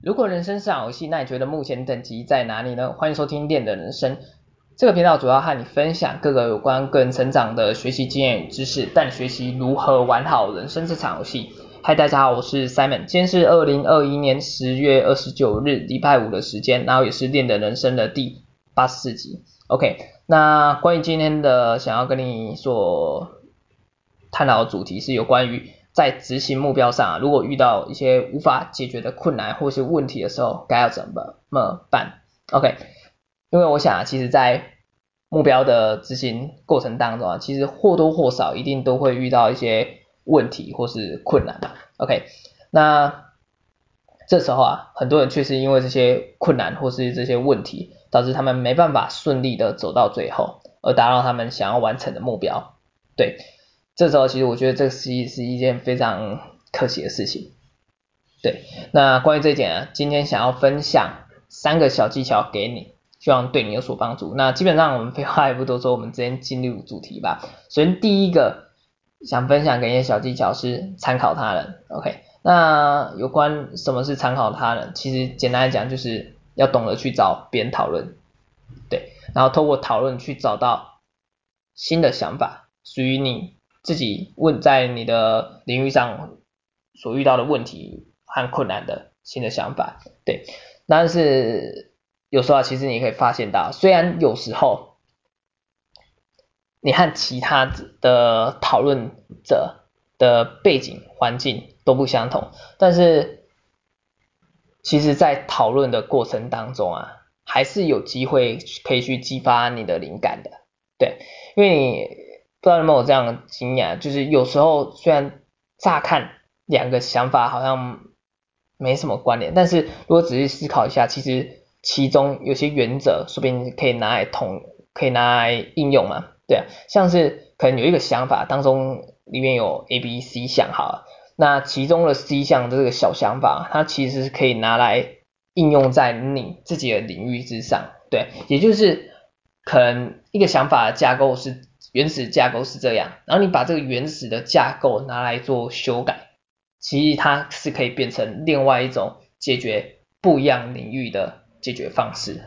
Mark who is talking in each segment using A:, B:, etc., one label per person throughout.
A: 如果人生是場遊戲，那你覺得目前等級在哪裡呢？歡迎收聽《練的人生》這個頻道，主要和你分享各個有關個人成長的學習經驗與知識，帶你學習如何玩好人生這場遊戲。嗨，大家好，我是 Simon，今天是二零二一年十月二十九日禮拜五的時間，然後也是《練的人生》的第八十四集。OK，那關於今天的想要跟你所探討的主題是有關於。在執行目標上啊，如果遇到一些無法解決的困難或是問題的時候，該要怎麼麼辦？OK，因為我想啊，其實，在目標的執行過程當中啊，其實或多或少一定都會遇到一些問題或是困難吧。OK，那這時候啊，很多人卻是因為這些困難或是這些問題，導致他們沒辦法順利的走到最後，而達到他們想要完成的目標。對。這時候其實我覺得這個是一是一件非常可惜的事情，對。那關於這一點啊，今天想要分享三個小技巧給你，希望對你有所幫助。那基本上我們廢話也不多說，我們直接進入主題吧。首先第一個想分享給你的小技巧是參考他人，OK？那有關什麼是參考他人，其實簡單來講就是要懂得去找別人討論，對，然後透過討論去找到新的想法，屬於你。自己問在你的領域上所遇到的問題和困難的新的想法，對，但是有時候啊，其實你可以發現到，雖然有時候你和其他的討論者的背景環境都不相同，但是其實在討論的過程當中啊，還是有機會可以去激發你的靈感的，對，因為你。不知道有沒有這樣的經驗，就是有時候雖然乍看兩個想法好像沒什麼關聯，但是如果仔細思考一下，其實其中有些原則說不定可以拿來同，可以拿來應用嘛，對啊，像是可能有一個想法當中裡面有 A、B、C 項哈，那其中的 C 項這個小想法，它其實是可以拿來應用在你自己的領域之上，對，也就是可能一個想法的架構是，原始架構是這樣，然後你把這個原始的架構拿來做修改，其實它是可以變成另外一種解決不一樣領域的解決方式，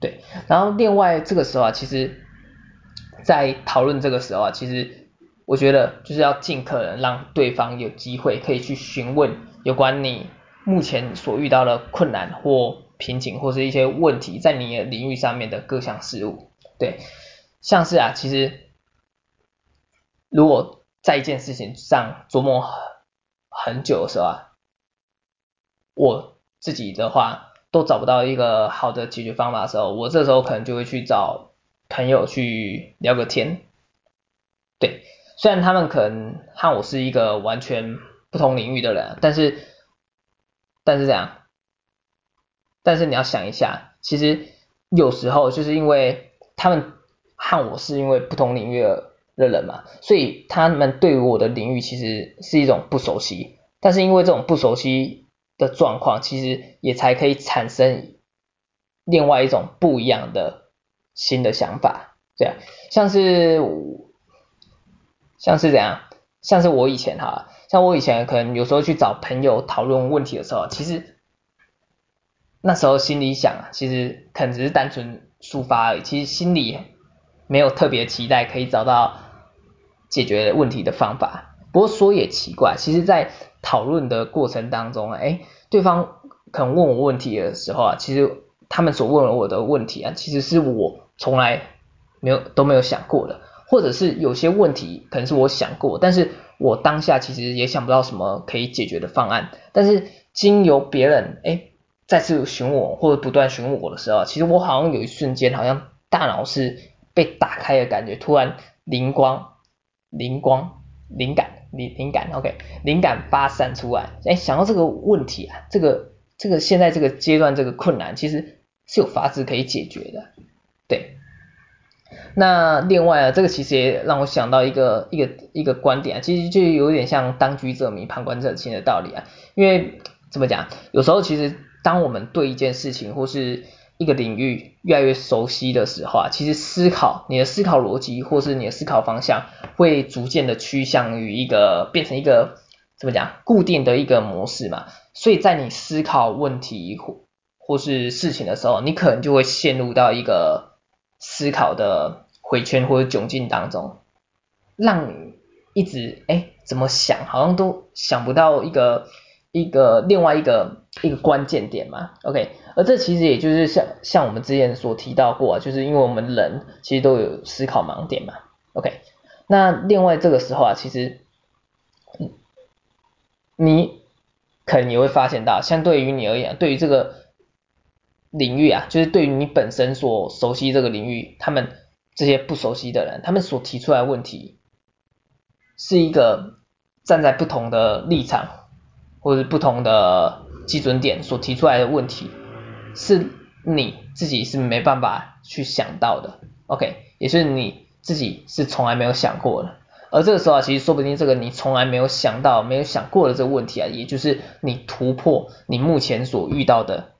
A: 對。然後另外這個時候啊，其實在討論這個時候啊，其實我覺得就是要盡可能讓對方有機會可以去詢問有關你目前所遇到的困難或瓶頸或是一些問題，在你的領域上面的各項事物，對。像是啊，其實如果在一件事情上琢磨很、很久的時候啊，我自己的話都找不到一個好的解決方法的時候，我這時候可能就會去找朋友去聊個天。對，雖然他們可能和我是一個完全不同領域的人，但是，但是這樣，但是你要想一下，其實有時候就是因為他們。看我是因為不同領域的人嘛，所以他們對我的領域其實是一種不熟悉，但是因為這種不熟悉的狀況，其實也才可以產生另外一種不一樣的新的想法，這樣像是像是怎樣，像是我以前哈，像我以前可能有時候去找朋友討論問題的時候，其實那時候心裡想，其實可能只是單純抒發而已，其實心裡。沒有特別期待可以找到解決問題的方法。不過說也奇怪，其實，在討論的過程當中，誒，對方可能問我問題的時候啊，其實他們所問我的問題啊，其實是我從來沒有都沒有想過的，或者是有些問題可能是我想過，但是我當下其實也想不到什麼可以解決的方案。但是經由別人誒再次詢問我或者不斷詢問我的時候，其實我好像有一瞬間，好像大腦是。被打開的感覺，突然靈光、靈光、靈感、靈靈感，OK，靈感發散出來。哎、欸，想到這個問題啊，這個、這個現在這個階段這個困難，其實是有法子可以解決的。對，那另外啊，這個其實也讓我想到一個、一個、一個觀點啊，其實就有點像當局者迷，旁觀者清的道理啊。因為怎麼講？有時候其實當我們對一件事情或是一個領域越來越熟悉的時候啊，其實思考，你的思考邏輯或是你的思考方向，會逐漸的趨向於一個，變成一個怎麼講，固定的一個模式嘛。所以在你思考問題或或是事情的時候，你可能就會陷入到一個思考的回圈或者窘境當中，讓你一直哎怎麼想好像都想不到一個一個另外一個。一個關鍵點嘛，OK，而這其實也就是像像我們之前所提到過啊，就是因為我們人其實都有思考盲點嘛，OK，那另外這個時候啊，其實你可能也會發現到，相對於你而言，對於這個領域啊，就是對於你本身所熟悉這個領域，他們這些不熟悉的人，他們所提出來問題是一個站在不同的立場或者不同的。基準點所提出來的問題，是你自己是沒辦法去想到的，OK，也是你自己是從來沒有想過的。而這個時候啊，其實說不定這個你從來沒有想到、沒有想過的這個問題啊，也就是你突破你目前所遇到的，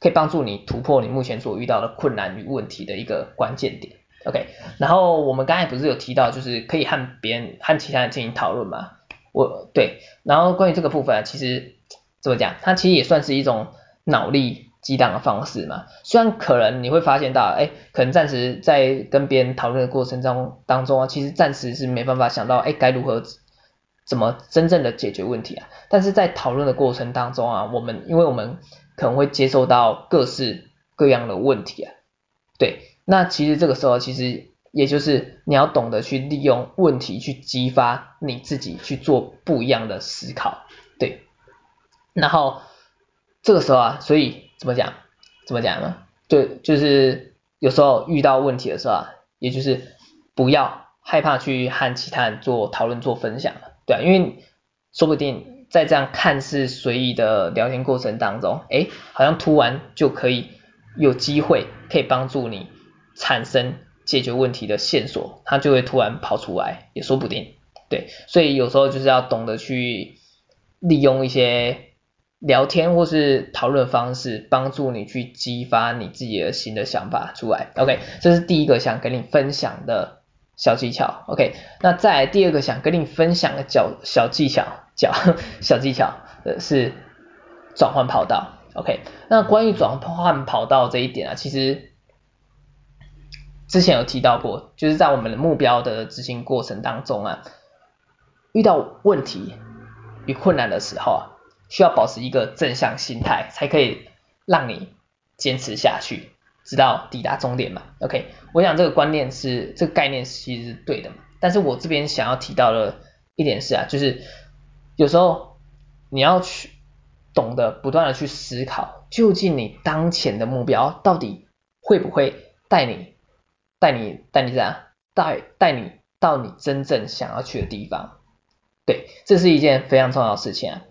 A: 可以幫助你突破你目前所遇到的困難與問題的一個關鍵點，OK。然後我們剛才不是有提到，就是可以和別人、和其他人進行討論嗎？我對。然後關於這個部分啊，其實。怎麼講？它其實也算是一種腦力激盪的方式嘛。雖然可能你會發現到，哎，可能暫時在跟別人討論的過程中當中啊，其實暫時是沒辦法想到，哎，該如何怎麼真正的解決問題啊。但是在討論的過程當中啊，我們因為我們可能會接受到各式各樣的問題啊，對，那其實這個時候其實也就是你要懂得去利用問題去激發你自己去做不一樣的思考，對。然後這個時候啊，所以怎麼講？怎麼講呢？對，就是有時候遇到問題的時候啊，也就是不要害怕去和其他人做討論、做分享，對啊，因為說不定在這樣看似隨意的聊天過程當中，哎，好像突然就可以有機會可以幫助你產生解決問題的線索，它就會突然跑出來，也說不定。對，所以有時候就是要懂得去利用一些。聊天或是討論方式，幫助你去激發你自己的新的想法出來。OK，這是第一個想跟你分享的小技巧。OK，那再來第二個想跟你分享的小技小技巧，小技巧，呃，是轉換跑道。OK，那關於轉換跑道這一點啊，其實之前有提到過，就是在我們的目標的執行過程當中啊，遇到問題與困難的時候啊。需要保持一個正向心態，才可以讓你堅持下去，直到抵達終點嘛。OK，我想這個觀念是這個概念其實是對的嘛。但是我這邊想要提到的一點是啊，就是有時候你要去懂得不斷的去思考，究竟你當前的目標到底會不會帶你帶你帶你這樣帶帶你到你真正想要去的地方。對，這是一件非常重要的事情啊。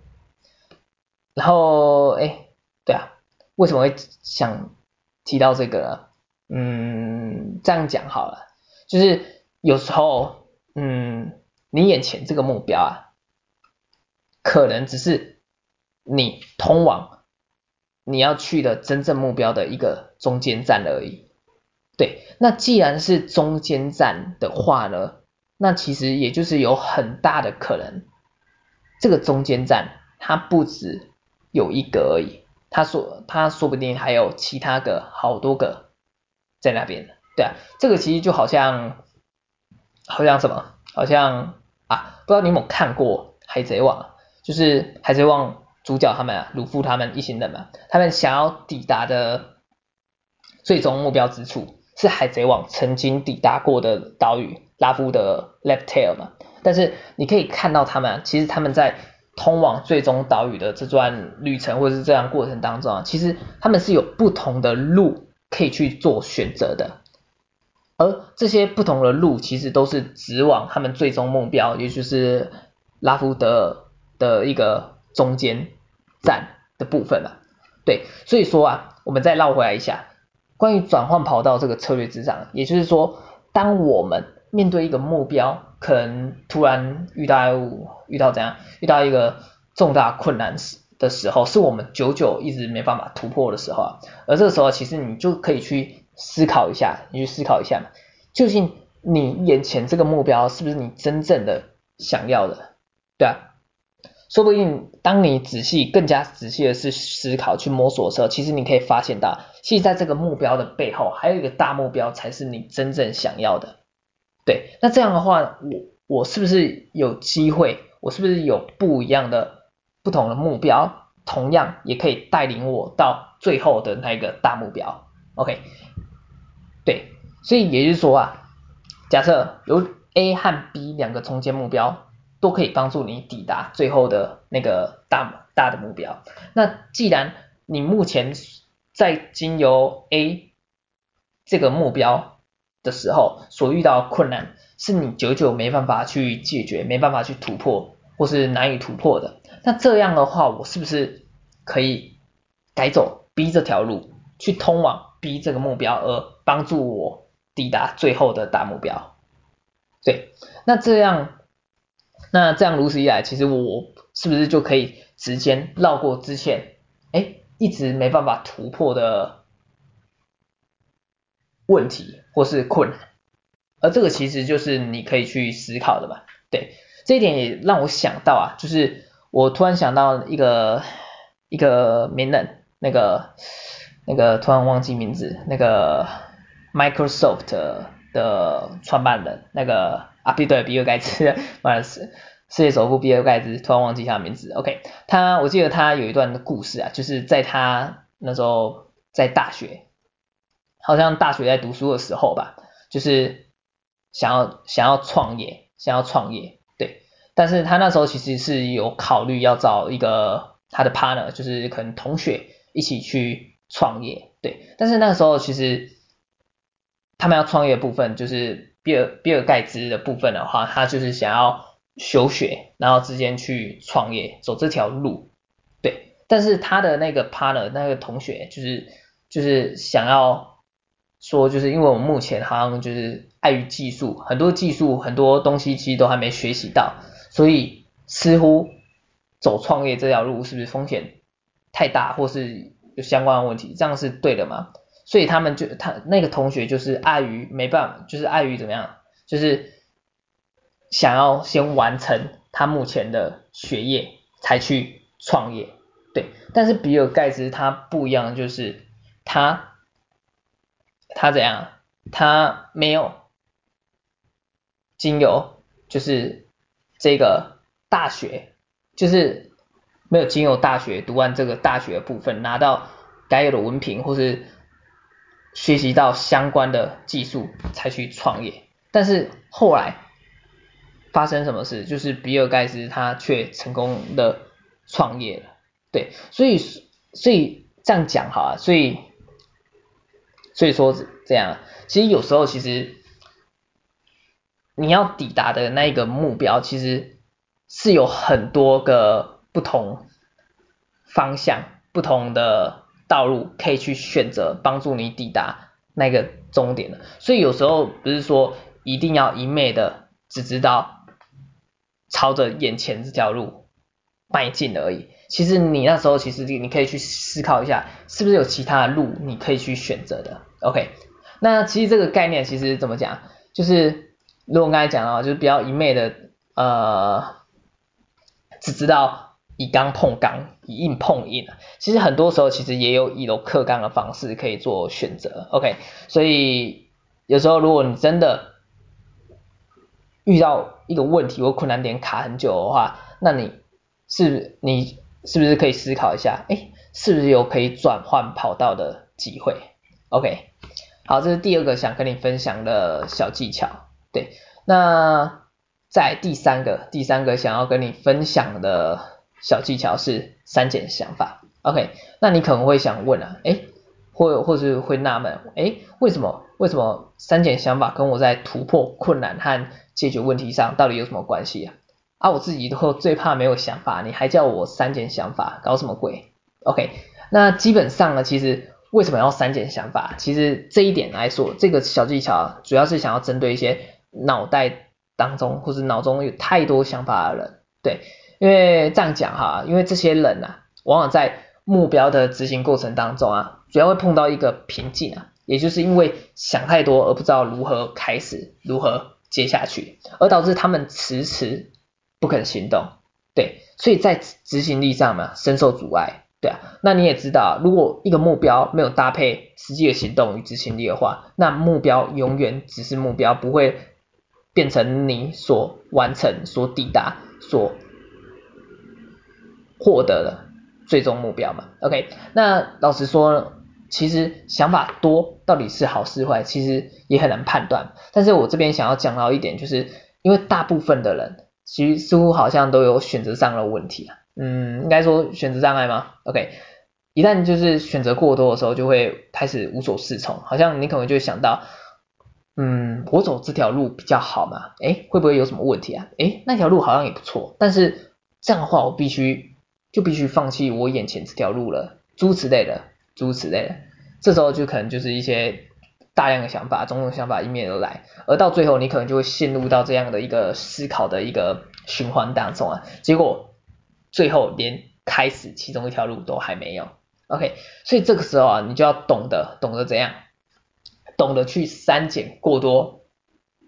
A: 然後，哎、欸，對啊，為什麼會想提到這個呢？嗯，這樣講好了，就是有時候，嗯，你眼前這個目標啊，可能只是你通往你要去的真正目標的一個中間站而已。對，那既然是中間站的話呢，那其實也就是有很大的可能，這個中間站它不止。有一個而已，他說他說不定還有其他個好多個在那邊，對啊，這個其實就好像好像什麼，好像啊，不知道你有沒有看過《海賊王》，就是《海賊王》主角他們啊，魯夫他們一行人嘛，他們想要抵達的最終目標之處是《海賊王》曾經抵達過的島嶼拉夫的 Laugh Tale 嘛，但是你可以看到他們啊，其實他們在。通往最終島嶼的這段旅程，或者是這樣過程當中啊，其實他們是有不同的路可以去做選擇的，而這些不同的路其實都是直往他們最終目標，也就是拉夫德爾的一個中間站的部分嘛。對，所以說啊，我們再繞回來一下，關於轉換跑道這個策略之上，也就是說，當我們。面對一個目標，可能突然遇到一遇到怎樣遇到一個重大困難時的時候，是我們久久一直沒辦法突破的時候啊。而這個時候，其實你就可以去思考一下，你去思考一下嘛，究竟你眼前這個目標是不是你真正的想要的？對啊，說不定當你仔細、更加仔細的去思考、去摸索的時候，其實你可以發現到，其實在這個目標的背後，還有一個大目標才是你真正想要的。對，那這樣的話，我我是不是有機會？我是不是有不一樣的、不同的目標，同樣也可以帶領我到最後的那個大目標？OK，對，所以也就是說啊，假設有 A 和 B 兩個中間目標，都可以幫助你抵達最後的那個大大的目標。那既然你目前在經由 A 這個目標。的時候所遇到的困難，是你久久沒辦法去解決、沒辦法去突破，或是難以突破的。那這樣的話，我是不是可以改走 B 這條路，去通往 B 這個目標，而幫助我抵達最後的大目標？對，那這樣，那這樣如此一來，其實我是不是就可以直接繞過之前，哎，一直沒辦法突破的？問題或是困難，而這個其實就是你可以去思考的吧？對，這一點也讓我想到啊，就是我突然想到一個一個名人，那個那個突然忘記名字，那個 Microsoft 的創辦人，那個啊，比對比爾蓋茨，萬世世界首富比爾蓋茨，突然忘記一下名字。OK，他我記得他有一段故事啊，就是在他那時候在大學。好像大學在讀書的時候吧，就是想要想要創業，想要創業，對。但是他那時候其實是有考慮要找一個他的 partner，就是可能同學一起去創業，對。但是那時候其實他們要創業的部分，就是比爾比爾蓋茨的部分的話，他就是想要休學，然後之間去創業，走這條路，對。但是他的那個 partner，那個同學，就是就是想要。說，就是因為我目前好像就是礙於技術，很多技術很多東西其實都還沒學習到，所以似乎走創業這條路是不是風險太大，或是有相關的問題？這樣是對的嗎？所以他們就他那個同學就是礙於沒辦法，就是礙於怎麼樣，就是想要先完成他目前的學業才去創業。對，但是比爾蓋茨他不一樣，就是他。他怎樣？他沒有經由，就是這個大學，就是沒有經由大學讀完這個大學的部分，拿到該有的文憑，或是學習到相關的技術，才去創業。但是後來發生什麼事？就是比爾蓋茨他卻成功的創業了。對，所以所以這樣講哈，所以。所以說這樣，其實有時候其實你要抵達的那一個目標，其實是有很多個不同方向、不同的道路可以去選擇，幫助你抵達那個終點的。所以有時候不是說一定要一昧的只知道朝着眼前這條路邁進而已。其實你那時候其實你可以去思考一下，是不是有其他的路你可以去選擇的。OK，那其實這個概念其實怎麼講？就是如果剛才講的話，就是比較一昧的呃，只知道以剛碰剛，以硬碰硬，其實很多時候其實也有以柔克剛的方式可以做選擇。OK，所以有時候如果你真的遇到一個問題或困難點卡很久的話，那你是不是，你是不是可以思考一下？哎，是不是有可以轉換跑道的機會？OK。好，這是第二個想跟你分享的小技巧。對，那在第三個，第三個想要跟你分享的小技巧是刪減想法。OK，那你可能會想問啊，誒，或或是會納悶，誒，為什麼為什麼刪減想法跟我在突破困難和解決問題上到底有什麼關係啊？啊，我自己都最怕沒有想法，你還叫我刪減想法，搞什麼鬼？OK，那基本上呢，其實。為什麼要刪減想法？其實這一點來說，這個小技巧啊，主要是想要針對一些腦袋當中或是腦中有太多想法的人，對，因為這樣講哈，因為這些人吶、啊，往往在目標的執行過程當中啊，主要會碰到一個瓶頸啊，也就是因為想太多而不知道如何開始，如何接下去，而導致他們遲遲不肯行動，對，所以在執行力上嘛，深受阻礙。對啊，那你也知道，如果一個目標沒有搭配實際的行動與執行力的話，那目標永遠只是目標，不會變成你所完成、所抵達、所獲得的最終目標嘛。OK，那老實說，其實想法多到底是好是壞，其實也很難判斷。但是我這邊想要講到一點，就是因為大部分的人，其實似乎好像都有選擇上的問題啊。嗯，應該說選擇障礙嗎？OK，一旦就是選擇過多的時候，就會開始無所適從。好像你可能就會想到，嗯，我走這條路比較好嘛？誒，會不會有什麼問題啊？誒，那條路好像也不錯，但是這樣的話，我必須就必須放棄我眼前這條路了，諸如此類的，諸如此類的。這時候就可能就是一些大量的想法，種種想法迎面而來，而到最後，你可能就會陷入到這樣的一個思考的一個循環當中啊，結果。最後連開始其中一條路都還沒有，OK，所以這個時候啊，你就要懂得懂得怎樣，懂得去刪減過多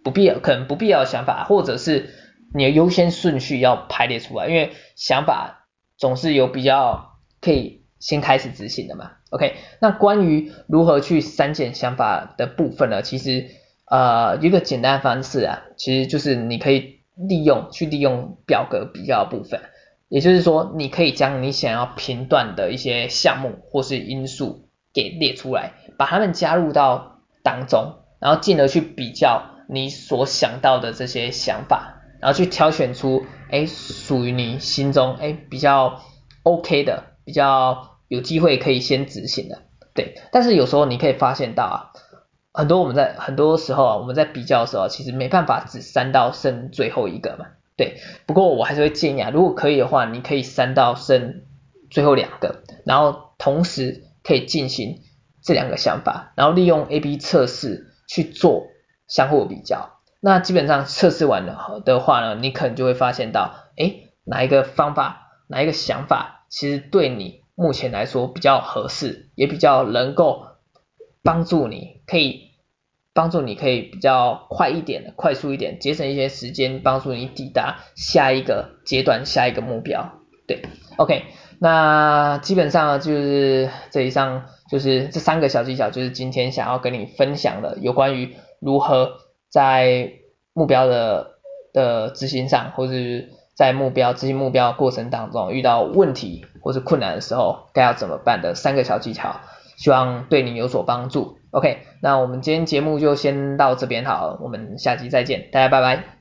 A: 不必要可能不必要的想法，或者是你的優先順序要排列出來，因為想法總是有比較可以先開始執行的嘛，OK，那關於如何去刪減想法的部分呢？其實呃一個簡單的方式啊，其實就是你可以利用去利用表格比較的部分。也就是說，你可以將你想要評斷的一些項目或是因素給列出來，把它們加入到當中，然後進而去比較你所想到的這些想法，然後去挑選出，哎、欸，屬於你心中，哎、欸，比較 OK 的，比較有機會可以先執行的，對。但是有時候你可以發現到啊，很多我們在，很多時候啊，我們在比較的時候，其實沒辦法只刪到剩最後一個嘛。對，不過我還是會建議啊，如果可以的話，你可以刪到剩最後兩個，然後同時可以進行這兩個想法，然後利用 AB 測試去做相互比較。那基本上測試完了的話呢，你可能就會發現到，誒，哪一個方法，哪一個想法，其實對你目前來說比較合適，也比較能夠幫助你，可以。幫助你可以比較快一點、快速一點，節省一些時間，幫助你抵達下一個階段、下一個目標。對，OK，那基本上就是這以上就是這三個小技巧，就是今天想要跟你分享的有關於如何在目標的的執行上，或是在目標執行目標的過程當中遇到問題或是困難的時候，該要怎麼辦的三個小技巧，希望對你有所幫助。OK，那我們今天節目就先到這邊，好，我們下集再見，大家拜拜。